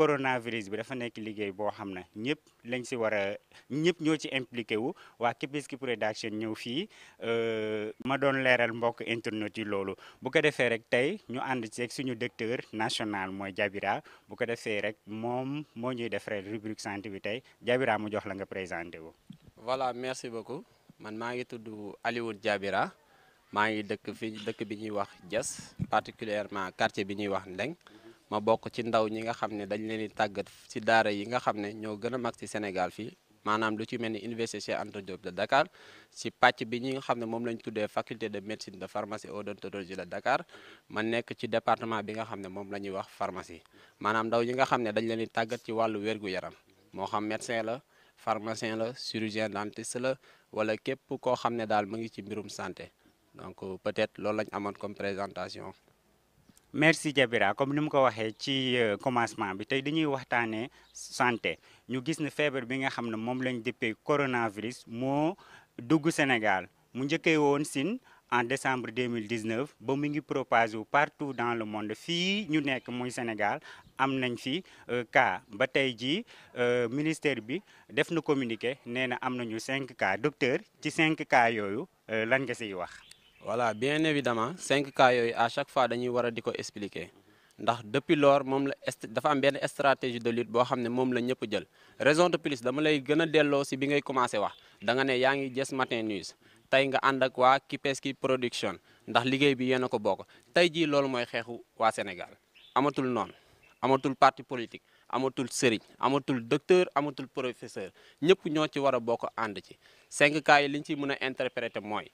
coronavirus bi dafa nekk liggéey boo xam ne ñëpp lañ si war a ñëpp ñoo ci impliqué wu waa Kipeski Production ñëw fii euh, ma doon leeral mbokk internet yi loolu bu ko defee rek tey ñu ànd ci ak suñu docteur national mooy Jabira bu ko defee rek moom moo ñuy def rek rubrique santé bi tey Jabira mu jox la nga présenté wu. voilà merci beaucoup man maa ngi tudd Alioune Jabira maa ngi dëkk fi dëkk bi ñuy wax Diass particulièrement quartier bi ñuy wax Ndeng ma bokk ci ndaw ñi nga xam ne dañ leen di tàggat ci daara yi nga xam ne ñoo gën a mag ci Sénégal fii maanaam lu ci mel ni université Cheikh Anta Diop de Dakar ci pàcc bi ñi nga xam ne moom lañ tuddee faculté de médecine de pharmacie et odontologie de Dakar ma nekk ci département bi nga xam ne moom la ñuy wax pharmacie maanaam ndaw ñi nga xam ne dañ leen di tàggat ci wàllu wér-gu-yaram moo xam médecin la pharmacien la chirurgien dentiste la wala képp koo xam ne daal mu ngi ci mbirum santé donc peut-être loolu lañ amoon comme merci Diabira comme ni mu ko waxee ci euh, commencement bi tey dañuy waxtaanee santé ñu gis ne feebar bi nga xam ne moom lañ dëppee coronavirus moo dugg Sénégal mu njëkkee woon Sine en décembre 2019 ba mu ngi propage wu partout dans le monde fii ñu nekk muy Sénégal am nañ fi euh, cas ba tey jii euh, ministère bi def na communiqué nee na am nañu cinq cas docteur ci cinq cas yooyu lan nga siy wax. voilà bien évidemment cinq cas yooyu à chaque fois dañuy war a di ko expliquer ndax depuis lors moom la dafa am benn stratégie de lutte boo xam ne moom la ñëpp jël raison de plus dama lay gën a delloo si bi ngay commencé wax danga ne yaa ngi Thiès Matin News tey nga ànd ak waa kipes ki production ndax liggéey bi yéen a ko bokk tey jii loolu mooy xeexu waa Sénégal amatul noon amatul parti politique amatul sëriñ amatul docteur amatul professeur ñëpp ñoo ci war a bokk ànd ci cinq cas yi liñ ciy mën a interpréter mooy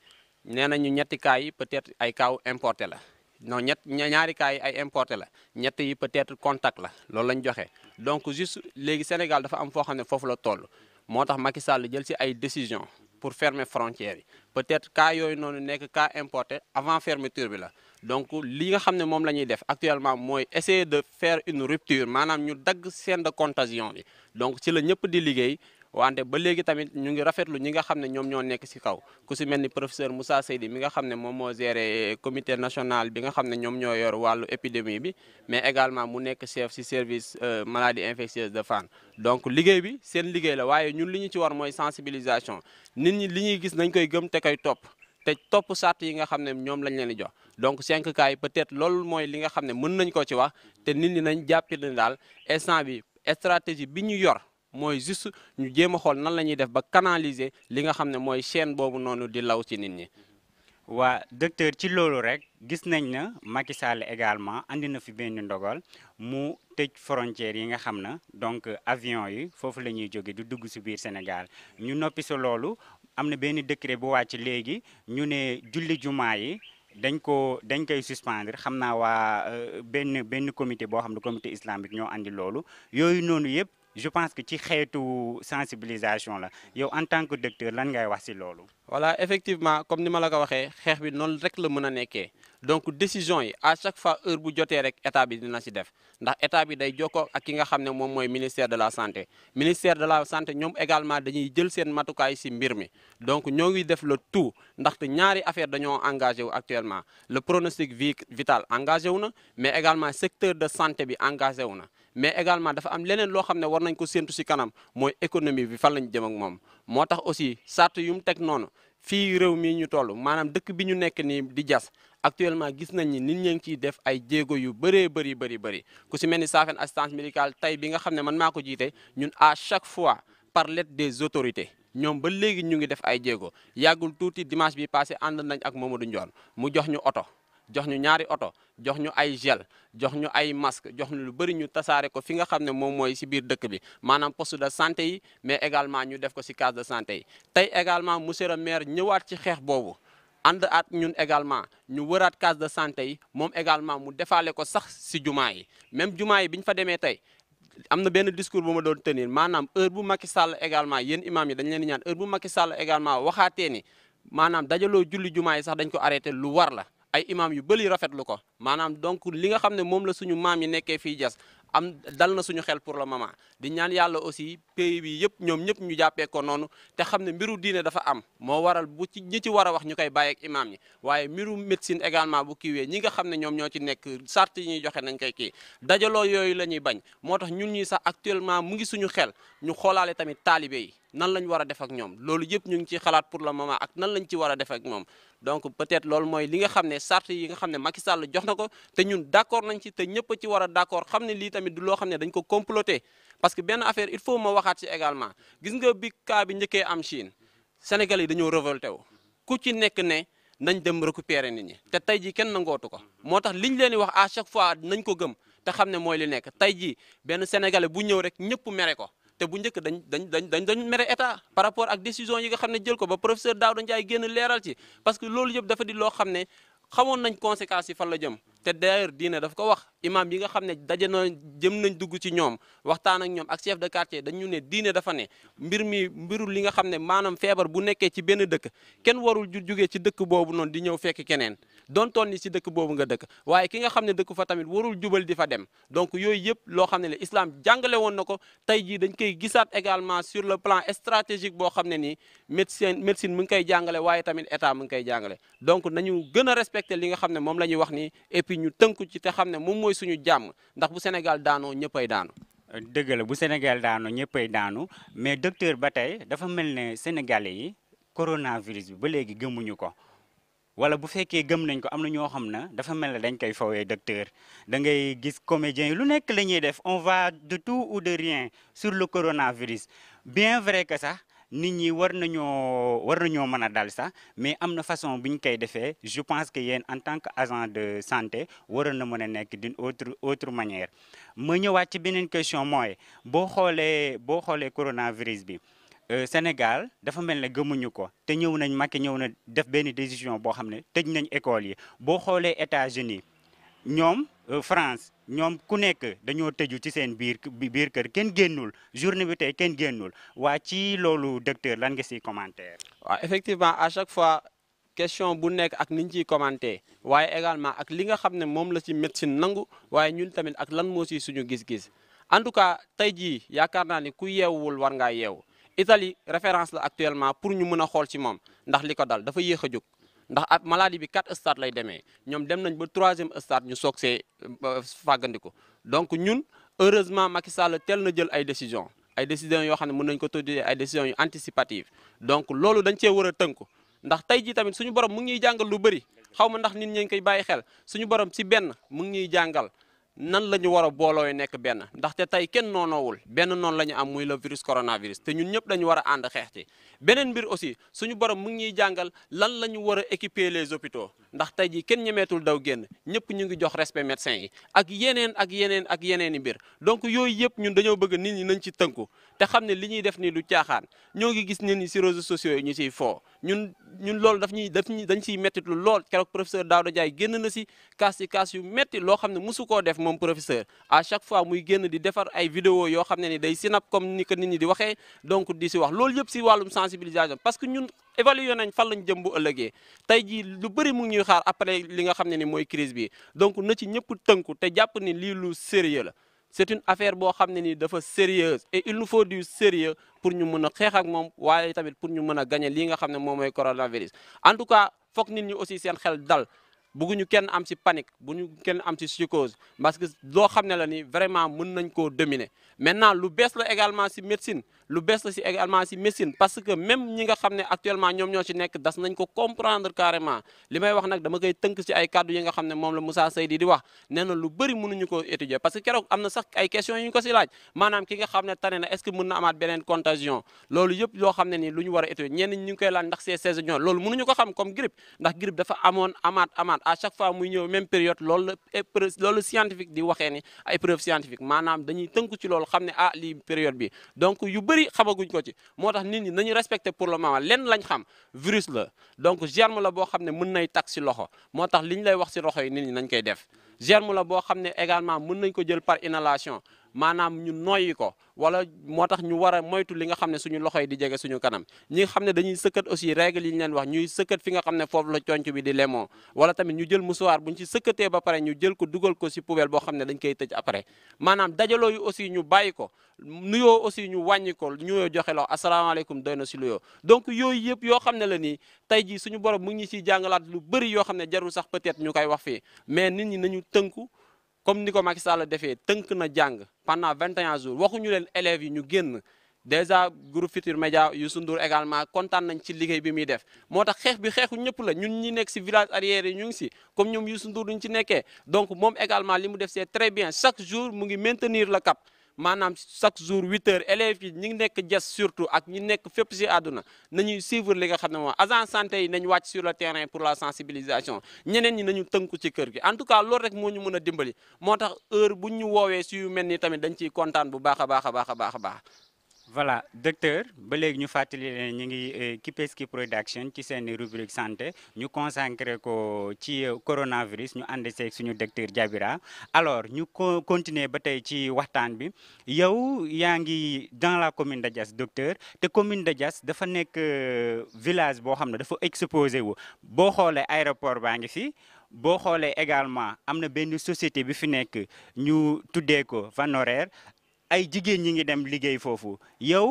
nee nañu ñetti kaa yi peut-être ay kaaw importé la non ñett ñaari cas yi ay importé la ñett yi peut-être contact la loolu lañ joxe donc juste léegi Sénégal dafa am foo xam ne foofu la toll moo tax Macky Sall jël si ay décisions pour fermer frontières yi peut-être cas yooyu noonu nekk cas importe avant fermeture bi la donc li nga xam ne moom la ñuy def actuellement mooy essayer de faire une rupture maanaam ñu dagg chaîne de contagion bi donc ci la ñëpp di liggéey wante ba léegi tamit ñu ngi rafetlu ñi nga xam ne ñoom ñoo nekk si kaw ku si mel ni professeur Moussa Seydi mi nga xam ne moom moo géré eh, comité national bi nga xam ne ñoom ñoo yor wàllu épidémie bi mais également mu nekk chef si service euh, maladie infectieuse de Fann donc liggéey bi seen liggéey la waaye ñun li ñu ci war mooy sensibilisation nit ñi li ñuy gis nañ koy gëm te koy topp te topp sart yi nga xam ne ñoom lañ leen di jox donc 5 cas yi peut-être loolu mooy li nga xam ne mën nañ ko ci wax te nit ñi nañ jàppale daal instant bi stratégie bi ñu yor. mooy juste ñu jéem a xool nan la ñuy def ba canaliser li nga xam ne mooy chaîne boobu noonu di law ci nit ñi. waa docteur ci loolu rek gis nañ na Macky également andi na fi benn ndogal mu tëj frontière yi nga xam na donc avion yi foofu la ñuy jóge du dugg si biir Sénégal ñu noppi sa loolu am na benn décret bu wàcc léegi ñu ne julli jumaa yi dañ ko dañ koy suspendre xam naa waa euh, benn benn comité boo xam ne comité islamique ñoo indi loolu yooyu noonu yëpp je pense que ci xeetu sensibilisation la yow en tant que docteur lan ngay wax si loolu. voilà effectivement comme ni ma la ko waxee xeex bi noonu rek la mën a nekkee donc décision yi à chaque fois heure bu jotee rek état bi dina si def ndax état bi day jokkoo ak ki nga xam ne moom mooy ministère de la santé ministère de la santé ñoom également dañuy jël seen matukaay si mbir mi donc ñoo ngi def le tout ndaxte ñaari affaire dañoo engagé wu actuellement le pronostic vital engagé wu na mais également secteur de santé bi engagé wu na. mais également dafa am leneen loo xam ne war nañ ko séntu si kanam mooy économie bi fan lañ jëm ak moom moo tax aussi sart yu mu teg noonu fii réew mii ñu toll maanaam dëkk bi ñu nekk nii di jas actuellement gis nañ ni nit ñi ngi ciy def ay jéego yu bëree bëri bëri bëri ku si mel ni Safen assistance médicale tey bi nga xam ne man maa ko jiite ñun à chaque fois par lettre des autorités ñoom ba léegi ñu ngi def ay jéego yàggul tuuti dimanche bi passé ànd nañ ak moom Mamadou Ndione mu jox ñu oto jox ñu ñaari oto jox ñu ay gel jox ñu ay masque jox ñu lu bëri ñu tasaare ko fi nga xam ne moom mooy si biir dëkk bi maanaam poste de santé yi mais également ñu def ko si case de santé yi tey également monsieur maire ñëwaat ci xeex boobu ànd at ñun également ñu wëraat case de santé moom également mu defaale ko sax si jumaa yi même jumaa yi bi ñu fa demee tey am na benn discours bu ma doon tenir maanaam heure bu Macky Sall également yéen imam yi dañ leen di ñaan heure bu Macky Sall également waxaatee ni maanaam dajaloo julli jumaa yi sax dañ ko arrêté lu war la ay imaam yu bëri rafetlu ko maanaam donc li nga xam ne moom la suñu maam yi nekkee fii jas am dal na suñu xel pour le moment di ñaan yàlla aussi pays bi yëpp ñoom ñëpp ñu jàppee ko noonu te xam ne mbiru diine dafa am moo waral bu ci ñi ci war a wax ñu koy bàyyeek ak imaam yi waaye mbiru médecine également bu kiiwee ñi nga xam ne ñoom ñoo ci nekk sart yi ñuy joxe nañ koy kii dajaloo yooyu la ñuy bañ moo tax ñun ñi sax actuellement mu ngi suñu xel ñu xoolaale tamit taalibe yi nan lañ war a def ak ñoom loolu yëpp ñu ngi ciy xalaat pour le moment ak nan lañ ci war a def ak moom donc peut-être loolu mooy li nga xam ne sart yi nga xam ne Macky Sall jox na ko te ñun d'accord nañ ci te ñëpp ci war a d'accord xam ne lii tamit du loo xam ne dañ ko comploter parce que benn affaire il faut ma waxaat ci également gis nga bi cas bi njëkkee am Chine Sénégal yi dañoo révolté wu ku ci nekk ne nañ dem récupérer nit ñi te tey jii kenn nangootu ko moo tax liñ leen di wax à chaque fois nañ ko gëm te xam ne mooy li nekk tey jii benn sénégalais bu ñëw rek ñëpp mere ko te bu njëkk dañ dañ dañ dañ dañ mere état par rapport ak décision yi nga xam ne jël ko ba professeur Daouda Ndiaye génn leeral ci parce que loolu yëpp dafa di loo xam ne xamoon nañ conséquence yi fan la jëm te d'ailleurs diine daf ko wax imam yi nga xam ne daje na jëm nañ dugg ci ñoom waxtaan ak ñoom ak chef de quartier dañu ne diine dafa ne mbir mi mbirul li nga xam ne maanaam feebar bu nekkee ci benn dëkk kenn warul ju jugee ci dëkk boobu noonu di ñëw fekk keneen doontoon ni dëkk boobu nga dëkk waaye ki nga xam ne dëkk fa tamit warul jubal di fa dem donc yooyu yëpp loo xam ne la islam jàngale woon na ko tey jii dañ koy gisaat également sur le plan stratégique boo xam ne nii médecine médecine mu ngi koy jàngale waaye tamit état mu ngi koy jàngale donc nañu gën a respecter li nga xam ne moom la ñuy wax ni fi ñu tënku ci te xam ne moom mooy suñu jàmm ndax bu Sénégal daanoo ñëppay daanu. dëgg la bu Sénégal daanu ñëppay daanu mais docteur ba tey dafa mel ne sénégalais yi coronavirus bi ba léegi gëmuñu ko. wala bu fekkee gëm nañ ko am na ñoo xam ne dafa mel ne dañ koy fawee docteur da ngay gis comédiens yi lu nekk la ñuy def on va de tout ou de rien sur le coronavirus bien vrai que sax. nit ñi war nañoo war nañoo mën a dal sax mais am na façon bu ñu koy defee je pense que yéen en tant que agent de santé waroon na mën a nekk d'une autre autre manière ma ñëwaat ci beneen question mooy boo xoolee boo xoolee coronavirus bi euh, Sénégal dafa mel ne gëmuñu ko te ñëw nañ Macky ñëw na def benn décision boo xam ne tëj nañ école yi boo xoolee États-Unis ñoom euh, France ñoom ku nekk dañoo tëju ci seen biir biir kër kenn génnul journée bi tey kenn génnul waa ci loolu docteur lan nga siy commentaire. waaw effectivement à chaque fois question bu nekk ak ni ñu ciy commenté waaye également ak li nga xam ne moom la ci médecine nangu waaye ñun tamit ak lan moo si suñu gis-gis en tout cas tey jii yaakaar naa ni ku yeewul war ngaa yeewu Italie référence la actuellement pour ñu mën a xool ci moom ndax li ko dal dafa yéex a jóg. ndax ab maladie bi quatre stades lay demee ñoom dem nañ ba troisième stade ñu soog see fàggandiku donc ñun heureusement Macky Sall teel na jël ay décisions ay décisions yoo xam ne mun nañ ko tuddee ay décisions yu anticipatives donc loolu dañ cee war a tënku ndax tey jii tamit suñu borom mu ngi jàngal lu bëri xaw ma ndax nit ñi ngi koy bàyyi xel suñu borom si benn mu ngi ñuy jàngal. nan la ñu war a boolooy nekk benn ndaxte tey kenn noonoowul benn noonu la ñu am muy le virus coronavirus te ñun ñëpp dañu war a ànd xeex ci beneen mbir aussi suñu borom mu ngi ñuy jàngal lan la ñu war a équiper les hôpitaux ndax tey jii kenn ñemeetul daw génn ñëpp ñu ngi jox respect médecins yi ak yeneen ak yeneen ak yeneen i mbir donc yooyu yëpp ñun dañoo bëgg nit ñi nañ ci tënku te xam ne li ñuy def nii du jaaxaan ñoo ngi gis nit ñi si réseaux sociaux yi ñu siy foo ñun ñun loolu daf ñuy daf ñuy dañ siy métti lool keroog professeur Daouda jaay génn na si kaas si kaas yu métti loo xam ne mosu koo def moom professeur à chaque fois muy génn di defar ay vidéo yoo xam ne ni day sinap comme ni ko ni ñi di waxee donc di si wax lool yëpp si wàllum sensibilisation parce que ñun évalué nañ fan lañ jëm bu ëllëgee tey jii lu bëri mu ngi ñuy xaar après li nga xam ne ni mooy crise bi donc na ci ñëpp tënku te jàpp ni lii lu sérieux la c'est une affaire boo xam ne ni dafa sérieuse et il nous pour ñu mën a xeex ak moom waaye tamit pour ñu mën a gañe lii nga xam ne moom mooy coronavirus en tout cas foog nit ñi aussi seen xel dal bëgguñu kenn am si panique bu ñu kenn am ci psychose parce que loo xam ne la ni vraiment mën nañ koo dominer maintenant lu bees la également ci médecine lu bees la ci également ci médecine parce que même ñi nga xam ne actuellement ñoom ñoo ci nekk das nañ ko comprendre carrément li may wax nag dama koy tënk ci ay kàddu yi nga xam ne moom la musa Seydi di wax nee na lu bëri mënuñu ko étudier parce que keroog am na sax ay questions yu ñu ko ci laaj maanaam ki nga xam ne tane na est-ce que mën na amaat beneen contagion loolu yëpp ne nii lu ñu a étudier ñenn ñi ngi koy laaj ndax loolu mënuñu ko xam comme grippe ndax grippe dafa amoon amaat amaat à muy ñëw même période loolu la loolu scientifique di waxee ni ay preuve scientifique maanaam dañuy tënku ci loolu xam ne ah lii période bi donc yu bëri xamaguñ ko ci moo tax nit ñi nañu respecté pour le moment lenn lañ xam virus la donc germe la boo xam ne mën nañ tak si loxo moo tax li lay wax si loxo yi nit ñi nañ koy def germe la boo xam ne également mun nañ ko jël par inhalation maanaam ñu noyyi ko wala moo tax ñu war a moytu li nga xam ne suñu loxo yi di jege suñu kanam ñi nga xam ne dañuy sëkkat aussi règle yi ñu leen wax ñuy sëkkat fi nga xam ne foofu la conc bi di lemo wala tamit ñu jël musuwaar buñ ci sëkkatee ba pare ñu jël ko dugal ko si poubelle boo xam ne dañ koy tëj après maanaam dajaloo yu aussi ñu bàyyi ko nuyoo aussi ñu wàññi ko ñuyoo joxe loxo asalaamaaleykum doy na si lu yoo donc yooyu yëpp yoo xam ne la nii te jii suñu borom mu ngi siy jàngalaat lu bëri yoo xam ne jarul sax peut-être ñu koy wax mais nit ñi nañu tënku comme ni ko Macky Sall defee tënk na jàng pendant 21 jours waxuñu leen élèves yi ñu génn déjà groupe Futurs Médias Youssou Ndour également kontaan nañ ci liggéey bi muy def moo tax xeex bi xeexu ñëpp la ñun ñi nekk si village arrière yi ñu ngi si comme ñoom Youssou Ndour duñ ci nekkee donc moom également li mu def c'est très bien chaque jour mu ngi maintenir le cap maanaam chaque jour huit heures élèves yi ñi nekk jes surtout ak ñi nekk fépp si àdduna ñuy suivre li nga xam ne moom agent santé yi nañ wàcc sur le terrain pour la sensibilisation ñeneen ñi nañu tënku ci kër gi en tout cas loolu rek moo ñu mën a dimbali moo tax heure bu ñu woowee si yu mel ni tamit dañ ciy kontaan bu baax a baax a baax a baax a baax voilà docteur ba léegi ñu fàttali leen ñu ngi euh, Kipeski Production ci seen rubrique santé ñu consacré ko ci euh, coronavirus ñu ànd seeg suñu docteur Diabira alors ñu ko continuer ba tey ci waxtaan bi yow yaa ngi dans la commune de Diass docteur te commune de Diass dafa nekk euh, village boo xam ne dafa exposé wu boo xoolee aéroport baa ngi fi. boo xoolee également am na benn société bi fi nekk ñu tuddee ko Van Horaire ay jigéen ñi ngi dem liggéey foofu yow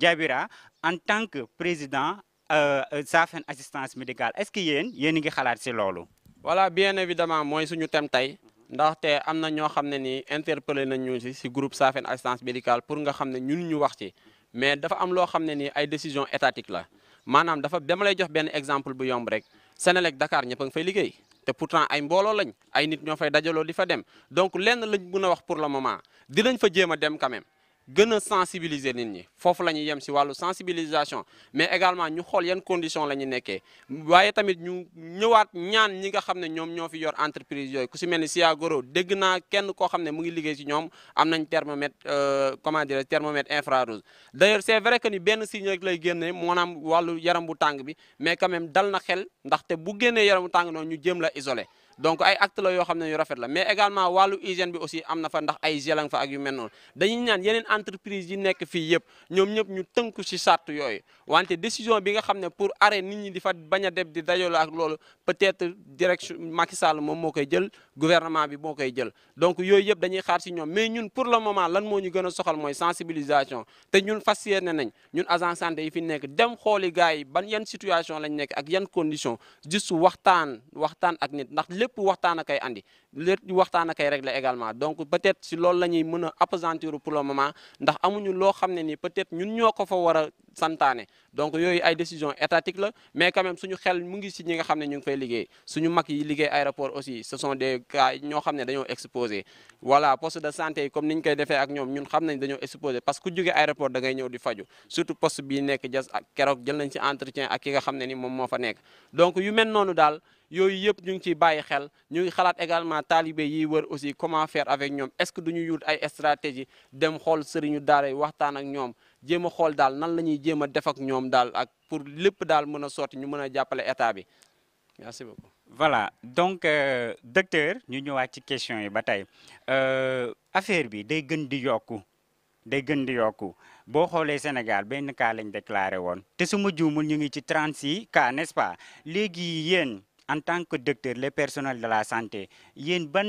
Diabira euh, en tant que président euh, euh, Safen assistance médicale est-ce que yéen yéen ngi xalaat si loolu. wala bien évidemment mooy suñu thème tey ndaxte am na ñoo xam ne ni interpellé na ñu si si groupe Safen assistance médicale pour nga xam ne ñun ñu wax ci mais dafa am loo xam ne ni ay décision étatique la maanaam dafa dama lay jox benn exemple bu yomb rek Sénélec Dakar ñëpp nga fay liggéey. te pourtant ay mbooloo lañ ay nit ñoo fay dajaloo di fa dem donc lenn lañ mun a wax pour le moment dinañ fa jéem a dem quand gën a sensibiliser nit ñi foofu la ñuy yem si wàllu sensibilisation mais également ñu xool yan condition la ñu nekkee waaye tamit ñu ñëwaat ñaan ñi nga xam ne ñoom ñoo fi yor entreprise yooyu ku si mel ni Sia Goro dégg naa kenn koo xam ne mu ngi liggéey si ñoom am nañ thermomètre euh, comment dire thermomètre infrarouge d' ailleurs c' est que ni benn signe rek lay génne maanaam wàllu yaram bu tàng bi mais quand même dal na xel ndaxte bu génnee yaram bu tàng noonu ñu jéem la isolé donc ay acte la yoo xam ne yu rafet la mais également wàllu hygiène bi aussi am na fa ay gelang fa yu mel noonu dañuy ñaan yeneen entreprise yi nekk fii yëpp ñoom ñëpp ñu tënku si sart yooyu wante décision bi nga xam ne pour arrêt nit ñi di fa bañ a dem di ak loolu peut-être direction Macky Sall moom moo koy jël gouvernement bi moo koy jël donc yooyu yëpp dañuy xaar si ñoom mais ñun pour le moment lan moo ñu gën a soxal mooy sensibilisation te ñun fas yéene nañ ñun agent santé yi fi nekk dem xooli gars yi ban yan situation lañ nekk ak yan condition juste waxtaan waxtaan ak nit ndax lépp lépp waxtaan a koy andi lépp waxtaan a koy régler également donc peut-être si loolu la ñuy mën a appesantir pour le moment ndax amuñu loo xam ne ni peut-être ñun ñoo ko fa war a santaane donc yooyu ay décision étatique la mais quand même suñu xel mu ngi si ñi nga xam ne ñu ngi fay liggéey suñu mag yi liggéey aéroport aussi ce sont des cas xam ne dañoo exposé voilà poste de santé comme ni ñu koy defee ak ñoom ñun xam nañ dañoo exposé parce que ku jógee aéroport da ngay di faju surtout poste bii nekk jas ak keroog jël nañ si entretien ak ki nga xam ne ni moom moo fa nekk yu mel noonu daal yooyu yëpp ñu ngi ciy bàyyi xel ñu ngi xalaat également taalibe yiy wër aussi comment faire avec ñoom est-ce que du ñu yuut ay stratégie dem xool sëriñu daara yi waxtaan ak ñoom jéem a xool daal nan la ñuy jéem a def ak ñoom daal ak pour lépp daal mën a sotti ñu mën a jàppale état bi merci beaucoup. voilà donc euh, docteur ñu ñëwaat ci question yi ba tey euh, affaire bi day gën di yokku day gën di yokku boo xoolee Sénégal benn cas lañ déclaré woon te su ma ñu ngi ci 36 cas n'est-ce pas léegi yéen. en tant que docteur les personnels de la santé yéen ban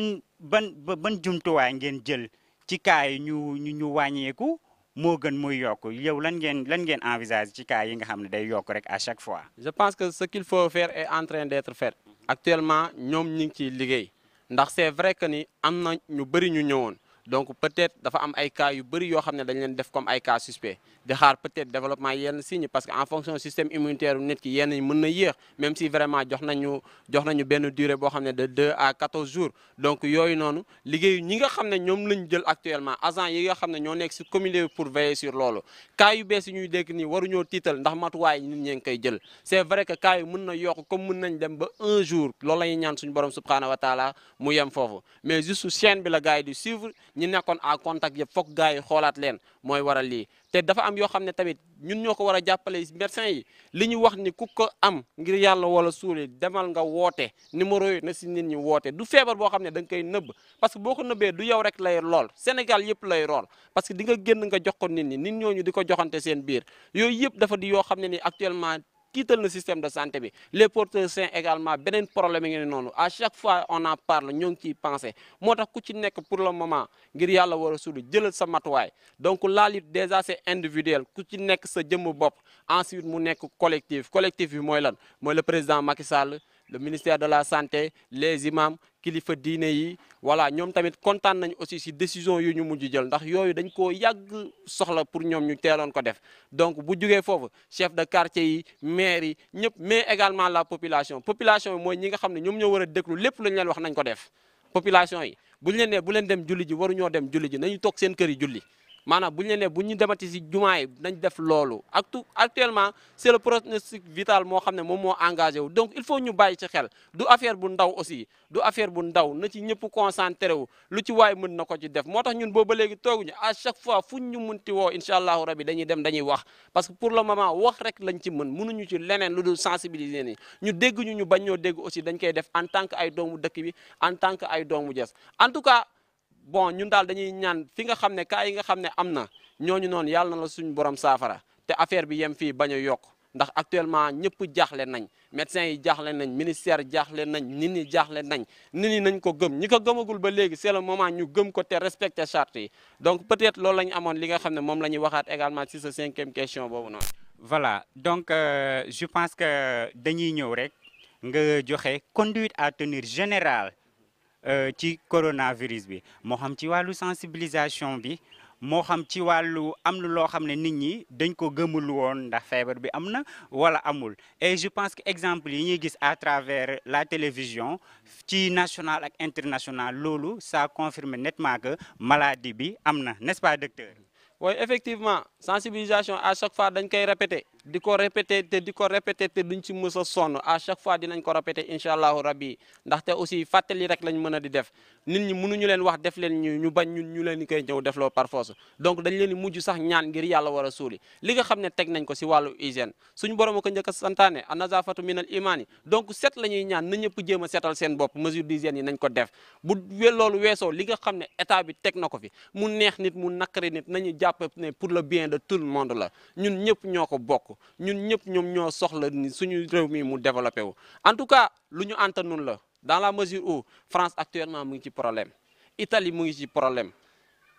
ban ban jumtuwaay ngeen jël ci cas yi ñu ñu ñu wàññeeku moo gën muy yokk yow lan ngeen lan ngeen envisage ci cas yi nga xam ne day yokk rek à chaque fois. je pense que ce qu'il faut faire est en train d'être fait actuellement ñoom ñu ngi ciy liggéey ndax c'est vrai que ni am na ñu bëri ñu ñëwoon. donc peut-être dafa am ay cas yu yoo xam ne dañ leen def comme ay cas suspect di xaar peut-être développement yenn signe parce que en fonction système immunitaire nit ki yenn mën na yéex même si vraiment jox nañu jox nañu benn durée boo xam ne de 2 à 14 jours donc yooyu noonu liggéeyu ñi nga xam ne ñoom lañ jël actuellement agent yi nga xam ne ñoo nekk si communauté pour veiller sur loolu cas bees ñuy dégg nii waruñoo tiital ndax matuwaay nit ngi koy jël c'est vrai que cas yi mën na yokk comme mën nañ dem ba un jour loolu la ñuy suñu borom subhanahu wa mu yem foofu mais ñu nekkoon à contact yëpp foog gars yi xoolaat leen mooy waral lii te dafa am yoo xam ne tamit ñun ñoo ko war a jàppale médecin yi li ñu wax ni ku ko am ngir yàlla wala suuli demal nga woote numéro yi na si nit ñi woote du feebar boo xam ne da nga koy nëbb parce que boo ko nëbbee du yow rek lay lool Sénégal yëpp lay lool parce que di nga génn nga jox ko nit ñi nit ñooñu di ko joxante seen biir yooy yëpp dafa di yoo xam ne nii actuellement kiital na système de santé bi le porteurs sains également beneen problème yi ngi noonu à chaque fois on en parle ñoo ngi ciy pensé moo tax ku ci nekk pour le moment ngir yàlla war a sudu jëlal sa matuwaay donc la lutte déjà c'est individuel ku ci nekk sa jëmm bopp ensuite mu nekk collectif collectif bi mooy lan mooy le président Macky Sall le ministère de la santé les imams kilifa diine yi wala ñoom tamit kontaan nañ aussi si décision yi ñu mujj jël ndax yooyu dañ koo yàgg soxla pour ñoom ñu teeloon ko def donc bu jugee foofu chef de quartier yi maire yi ñëpp mais également la population population yi mooy ñi nga xam ne ñoom ñoo war a déglu lépp lu ñu wax nañ ko def population yi bu ñu leen nee bu leen dem julli ji waruñoo dem julli ji nañu toog seen kër yi julli maanaam bu ñu leen bu ñu demati si jumaa nañ def loolu actu actuellement c'est le pronostic vital moo xam ne moom moo engagé wu donc il faut ñu bàyyi ci xel du affaire bu ndaw aussi du affaire bu ndaw na ci ñëpp concentré wu lu ci waay mën na ko ci def moo tax ñun booba léegi tooguñu à chaque fois fu ñu munti woo incha allahu rabi dañuy dem dañuy wax parce que pur la moment wax rek lañ ci mën mënuñu ci leneen lu dul sensibiliser ni ñu dégg ñu ñu bañ ñoo dégg aussi dañ koy def en tant que ay doomu dëkk bi en tant que ay doomu Thiès en tout bon ñun daal dañuy ñaan fi nga xam ne cas yi nga xam ne am na ñooñu noon yàlla na la suñu borom saafara te affaire bi yem fii bañ a yokk ndax actuellement ñëpp jaaxle nañ médecins yi jaaxle nañ ministère jaaxle nañ ni ñi jaaxle nañ nit ñi nañ ko gëm ñi ko gëmagul ba léegi c'est le moment ñu gëm ko te respecter charte yi donc peut-être lool lañu amoon li nga xam ne moom la ñuy waxaat également ci sa cinquième question boobu noonu. voilà donc euh, je pense que dañuy ñëw rek nga joxe conduite à tenir Euh, ci coronavirus bi moo xam ci wàllu sensibilisation bi moo xam ci wàllu am na loo xam ne nit ñi dañ ko gëmul woon ndax feebar bi am na wala amul et je pense que exemple yi ñuy gis à travers la télévision ci national ak international loolu sa confirme nettement que maladie bi am na n'est-ce pas docteur. oui effectivement sensibilisation à chaque fois dañ koy répéter. di ko répété te di ko répété te duñ ci mës a sonn à chaque fois dinañ ko répété incha allahu rabbi ndaxte aussi fàttali rek lañ mën a di def nit ñi mënuñu leen wax def leen ñu ñu bañ ñun ñu leen koy ñëw defloo par force donc dañ leen di mujj sax ñaan ngir yàlla war a suuli li nga xam ne teg nañ ko si wàllu hygiène suñu borom a ko njëkk a santaane a nazafatu imaan imaani donc set la ñuy ñaan na ñëpp jéem a seetal seen bopp mesure d'hygiène yi nañ ko def bu loolu weesoo li nga xam ne état bi teg na ko fi mu neex nit mu naqari nit nañu jàpp ne pour le bien de tout le monde la ñun ñëpp ñoo ko bokk ko ñun ñëpp ñoom ñoo soxla ni suñu réew mi mu développé wu en tout cas lu ñu anta nun la dans la mesure où France actuellement mu ngi ci problème Italie mu ngi ci problème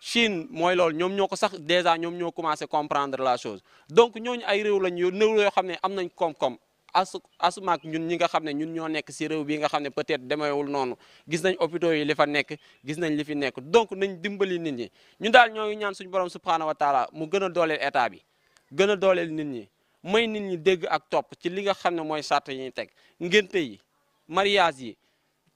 Chine mooy loolu ñoom ñoo ko sax déjà ñoom ñoo commencé comprendre la chose donc ñooñu ay réew lañ yo néew yoo xam ne am nañ koom-koom asu asumaak ñun ñi nga xam ne ñun ñoo nekk si réew bi nga xam ne peut-être demeewul noonu gis nañ hôpitaux yi li fa nekk gis nañ li fi nekk donc nañ dimbali nit ñi ñu daal ñoo ngi ñaan suñu borom subhaanahu mu gën a dooleel état bi gën nit ñi may nit ñi dégg ak topp ci li nga xam ne mooy sart yi ñuy teg ngénte yi mariage yi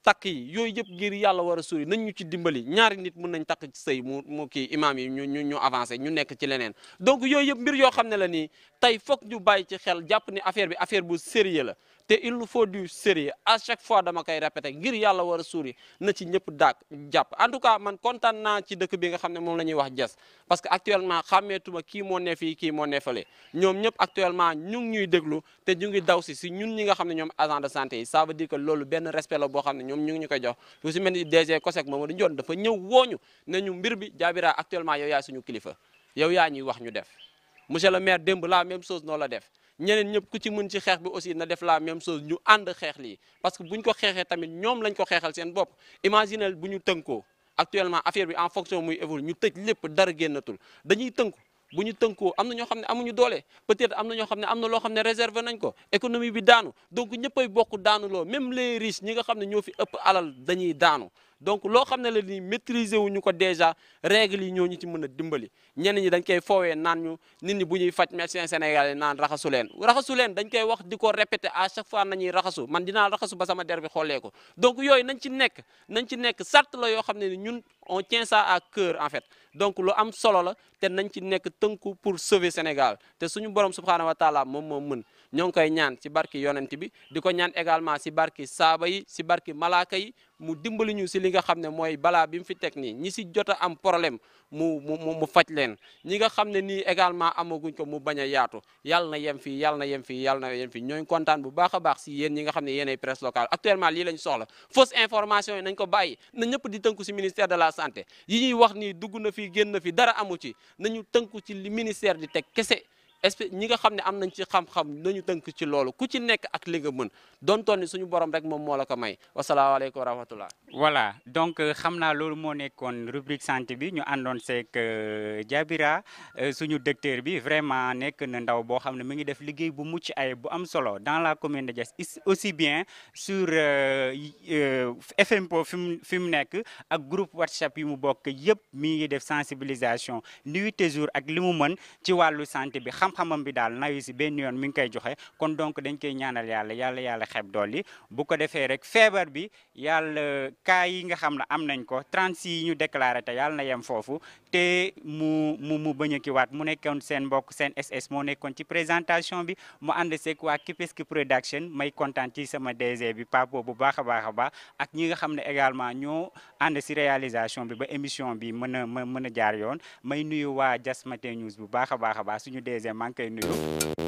takk yi yooyu yëpp ngir yàlla war a sori nañ ñu ci dimbali ñaari nit mun nañ takk ci sëy mu mu kii imaam yi ñu ñu ñu avancé ñu nekk ci leneen donc yooyu yëpp mbir yoo xam ne la nii tey foog ñu bàyyi ci xel jàpp ni affaire bi affaire bu sérieux la te il nous faut du sérieux à chaque fois dama koy répété ngir yàlla war a suuri na ci ñëpp daak jàpp en tout cas man kontaan naa ci dëkk bi nga xam ne moom lañuy wax Diass parce que actuellement xàmmeetuma kii moo ne fii kii moo ne fale ñoom ñëpp actuellement ñu ngi ñuy déglu te ñu ngi daw si si ñun ñi nga xam ne ñoom agent de santé yi ça veut dire que loolu benn respect la boo xam ne ñoom ñu ngi ñu koy jox lu si mel ni DG COSEC Mamadou Ndione dafa ñëw wooñu ne ñu mbir bi jaabira actuellement yow suñu kilifa yow yaa ñuy wax ñu def monsieur le maire démb la même chose la def ñeneen ñëpp ku ci mën ci xeex bi aussi na def la même chose ñu ànd xeex lii parce que bu ñu ko xeexee tamit ñoom lañ ko xeexal seen bopp imaginel bu ñu tënkoo actuellement bi en fonction muy évolué ñu tëj lépp dara génnatul dañuy tënku bu ñu tënkoo am na ñoo xam ne amuñu doole peut-être am na ñoo xam ne am na loo xam ne réservé nañ ko économie bi daanu donc ñëppay bokk daanuloo même les riches ñi nga xam ne ñoo fi ëpp alal dañuy daanu donc loo xam ne la ni maîtriser wuñu ko déjà règles yi ñoo ñu ci mun a dimbali ñenn ñi dañ koy foowee naan ñu nit ñi bu ñuy faj médecin sénégalais naan raxasu leen raxasu leen dañ koy wax di ko répéter à chaque fois nañuy raxasu man dinaa raxasu ba sama der bi xoolee ko donc yooyu nañ ci nekk nañ ci nekk sart la yoo xam ne ni ñun on tient ça à cœur en fait donc lu am solo la te nañ ci nekk tënku pour sauver Sénégal te suñu borom subhaanahu wa taala moom mun ñoo ngi koy ñaan si barki yonent bi di ko ñaan également si barki saaba yi si barki malaaka yi mu dimbali ñu si li nga xam ne mooy balaa bi mu fi teg nii ñi si jot am problème mu mu mu faj leen ñi nga xam ne nii également amaguñ ko mu bañ a yaatu yàlla na yem fi yàlla na yem fi yàlla na yem fii ñooñ kontaan bu baax a baax si yéen ñi nga xam ne yéen ay presse locale actuellement lii lañ soxla fausse information yi nañ ko bàyyi na ñëpp di tënku si ministère de la santé yi ñuy wax nii dugg na fi génn na fi dara amu ci nañu tënku ci li ministère di teg kese espèce ñi nga xam ne am nañ ci xam-xam nañu tënk ci loolu ku ci nekk ak li nga mën doontoon ni suñu borom rek moom moo la ko may wasalaamaaleykum wa rahmatullah voilà donc euh, xam naa loolu moo nekkoon rubrique santé bi ñu àndoon seeg Diabira euh, euh, suñu docteur bi vraiment nekk na ndaw boo xam ne mi ngi def liggéey bu mucc ay bu am solo dans la commune de Diass aussi bien sur FMPO fu mu fi mu nekk ak groupe WhatsApp yi mu bokk yëpp mi ngi def sensibilisation nuit et jour ak li mu mën ci wàllu santé bi xam xam-xamam bi daal nawi si benn yoon mi ngi koy joxe kon donc dañ koy ñaanal yàlla yàlla yàlla xeeb dool yi bu ko defee rek feebar bi yàlla cas yi nga xam ne am nañ ko 36 yi ñu déclaré te yàlla na yem foofu te mu mu mu bañ a kiwaat mu nekkoon seen mbokk seen SS moo nekkoon ci présentation bi mu ànd seeg waa Kipeski production may kontaan ci sama DG bi papo bu baax a baax a baax ak ñi nga xam ne également ñoo ànd si réalisation bi ba émission bi mën a mën a jaar yoon maa ngi koy nuyu